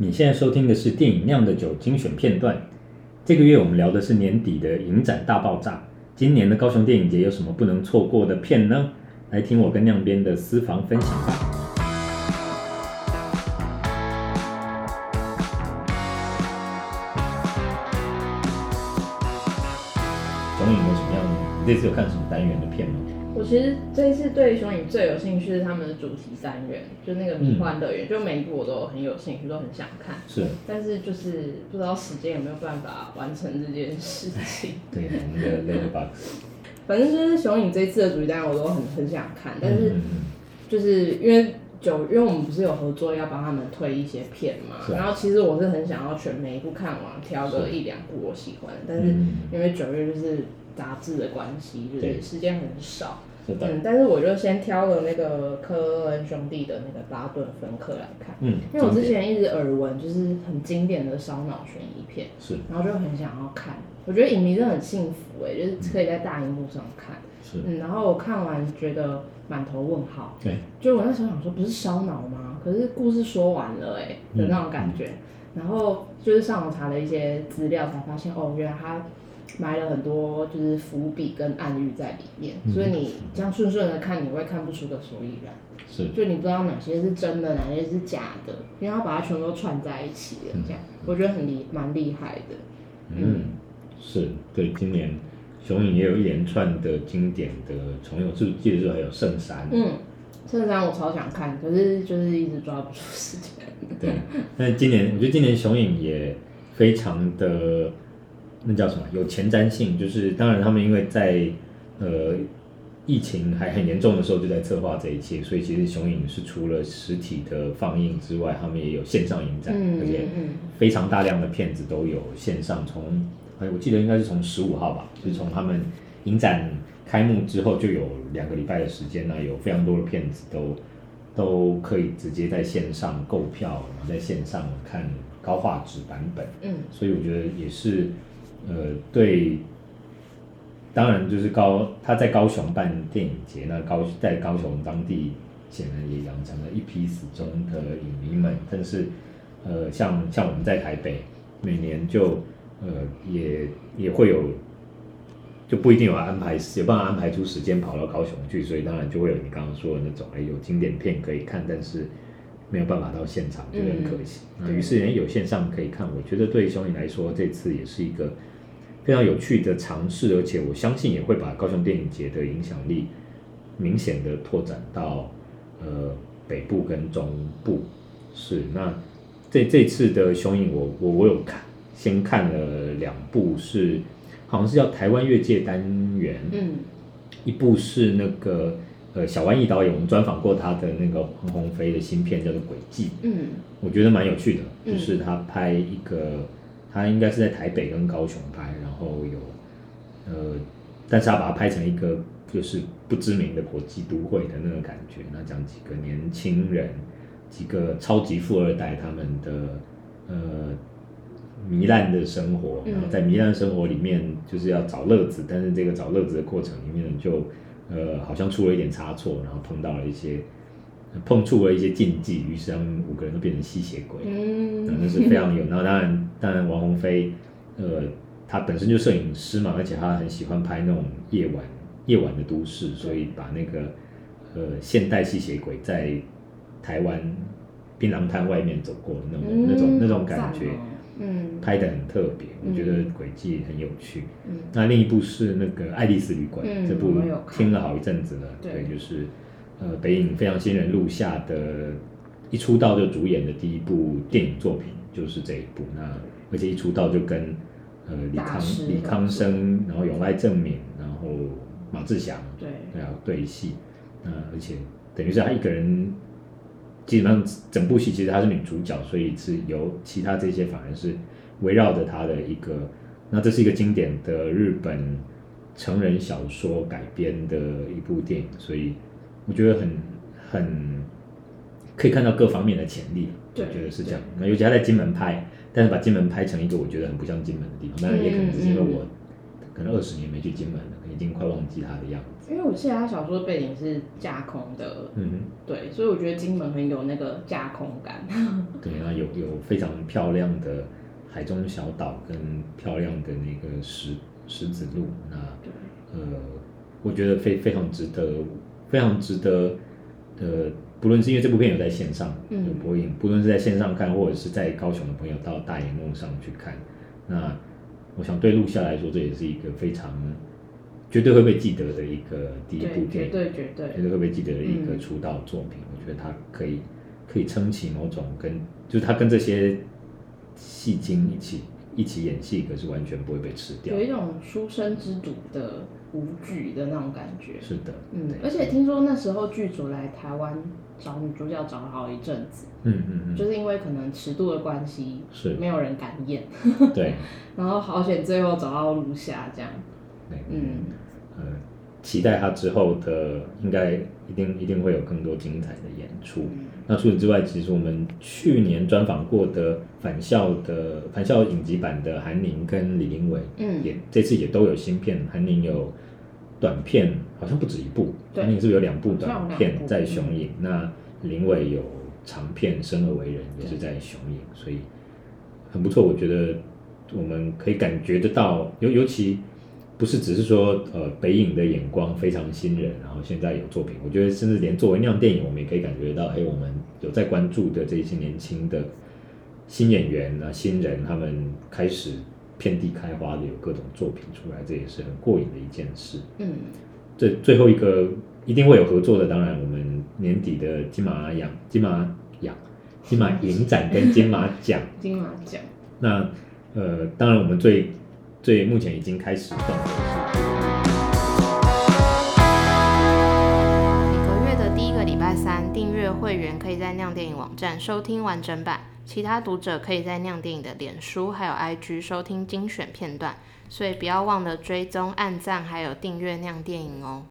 你現在收聽的是電影《釀的酒》精選片段。這個月我們聊的是年底的影展大爆炸。今年的高雄電影節有什麼不能錯過的片呢？來聽我跟釀編的私房分享吧。雄影有什麼樣的？你這次有看什麼單元的片嗎？我其實這一次對《熊影》最有興趣是他們的主題單元，就那個迷幻樂園，嗯、就每一部我都很有興趣，都很想看。是，但是就是不知道時間有沒有辦法完成這件事情。 對，沒有 l a 反正就是《熊影》這一次的主題單元我都很很想看，但是就是因為九，因為我們不是有合作要幫他們推一些片嘛，啊、然後其實我是很想要全每一部看完，挑個一兩部我喜歡，是但是因為九月就是雜誌的關係，就是時間很少。嗯，但是我就先挑了那個科恩兄弟的那個《巴頓芬克》來看，嗯，因為我之前一直耳聞，就是很經典的燒腦懸疑片，是，然後就很想要看，我覺得影迷是很幸福誒、欸，就是可以在大熒幕上看，是，嗯，然後我看完覺得滿頭問號，對、欸，就我那時候想說不是燒腦嗎？可是故事說完了誒、欸、的那種感覺，嗯嗯、然後就是上網查了一些資料，才發現哦，原來他。埋了很多就是伏筆跟暗喻在裡面，所以你這樣順順的看你會看不出個所以然，嗯、是，就你不知道哪些是真的，哪些是假的，因為他把它全都串在一起、嗯、這樣我覺得很厲，蠻厲害的。嗯，是對，今年雄影也有一連串的經典的重映就記得還有《聖山》。嗯，《聖山》我超想看，可是就是一直抓不住時間。對， 但今年我覺得今年雄影也非常的。那叫什麼？有前瞻性，就是當然他們因為在，呃，疫情還很嚴重的時候就在策劃這一切，所以其實雄影是除了實體的放映之外，他們也有線上影展，嗯嗯嗯，而且非常大量的片子都有線上。從哎，我記得應該是從十五號吧，就是從他們影展開幕之後就有兩個禮拜的時間呢，啊，有非常多的片子都都可以直接在線上購票，然後在線上看高畫質版本。嗯，所以我覺得也是。呃，對，當然就是高他在高雄辦電影節，那高在高雄當地顯然也養成了一批死忠的影迷們。但是，呃，像像我們在台北，每年就呃也也會有，就不一定有安排，有辦法安排出時間跑到高雄去，所以當然就會有你剛剛說的那種，哎，有經典片可以看，但是。沒有辦法到現場，覺得很可惜。嗯、於是也有線上可以看，嗯、我覺得對雄影來說，這次也是一個非常有趣的嘗試，而且我相信也會把高雄電影節的影響力明顯的拓展到呃北部跟中部。是，那這這次的雄影我，我我我有看，先看了兩部是，是好像是叫台灣越界單元，嗯、一部是那個。呃，小萬毅導演，我們專訪過他的那個彭鴻飛的新片叫做《詭祭》，嗯，我覺得蠻有趣的，就是他拍一個，嗯、他應該是在台北跟高雄拍，然後有，呃，但是他把它拍成一個就是不知名的國際都會的那個感覺，那講幾個年輕人，幾個超級富二代他們的呃糜爛的生活，然後在糜爛生活裡面就是要找樂子，嗯、但是這個找樂子的過程裡面就。呃，好像出了一點差錯，然後碰到了一些，碰觸了一些禁忌，於是他們五個人都變成吸血鬼。嗯，那是非常有。那當然，當然，王鴻飛，呃，他本身就是攝影師嘛，而且他很喜歡拍那種夜晚，夜晚的都市，所以把那個，呃，現代吸血鬼在台灣檳榔攤外面走過，那種、嗯、那種那種感覺。嗯嗯，拍得很特別，我覺得軌跡很有趣。那另一部是那個《艾莉絲旅館》，這部聽了好一陣子了。對，就是，呃，北影非常新人錄下的，一出道就主演的第一部電影作品就是這一部。那而且一出道就跟，呃，李康李康生，然後永瀨正敏，然後馬志祥對要對戲。那而且等於是他一個人。基本上整部戲其實她是女主角，所以是由其他這些反而是圍繞着她的一個。那這是一個經典的日本成人小說改編的一部電影，所以我覺得很很可以看到各方面的潛力，對就覺得是這樣。那尤其她在金門拍，但是把金門拍成一個我覺得很不像金門的地方，當然也可能是因為我可能二十年沒去金門了，已經快忘記她的樣子。因為我記得他小說的背景是架空的，嗯、哼對，所以我覺得金門很有那個架空感。對啊，有有非常漂亮的海中小島跟漂亮的那個石石子路，那對呃，我覺得非非常值得，非常值得。呃，不論是因為這部片有在線上有播映，嗯、不論是在線上看，或者是在高雄的朋友到大銀幕上去看，那我想對鹿夏來說，這也是一個非常。絕對會被記得的一個第一部電影對，絕對，絕對絕對會被記得的一個出道作品。嗯、我覺得他可以可以撐起某種跟，就是他跟這些戲精一起、嗯、一起演戲，可是完全不會被吃掉。有一種書生之主的無劇的那種感覺。是的，嗯，對而且聽說那時候劇組來台灣找女主角找了好一陣子，嗯嗯嗯，就是因為可能尺度的關係，是沒有人敢演。對， 然後好險最後找到如霞這樣。嗯，嗯呃，期待他之後的，應該一定一定會有更多精彩的演出。嗯、那除此之外，其實我們去年專訪過的《返校的返校影集版》的韓寧跟李林偉，嗯，也這次也都有新片。韓寧有短片，好像不止一部，韓寧對是不是有兩部短片在雄影？嗯、那林偉有長片《生而為人》也是在雄影，對所以很不錯。我覺得我們可以感覺得到，尤尤其。不是只是說，呃，北影的眼光非常新人，然後現在有作品，我覺得甚至連作為釀電影，我們也可以感覺到，哎、欸，我們有在關注的這些年輕的新演員啊、新人，他們開始遍地開花的有各種作品出來，這也是很過癮的一件事。嗯，這最後一個一定會有合作的，當然我們年底的金馬獎、金馬獎、金馬影展跟金馬獎、金 馬獎獎。那呃，當然我們最。所以目前已經開始動了。每個月的第一個禮拜三，訂閱會員可以在釀電影網站收聽完整版，其他讀者可以在釀電影的臉書還有 IG 收聽精選片段，所以不要忘了追蹤、按讚還有訂閱釀電影哦。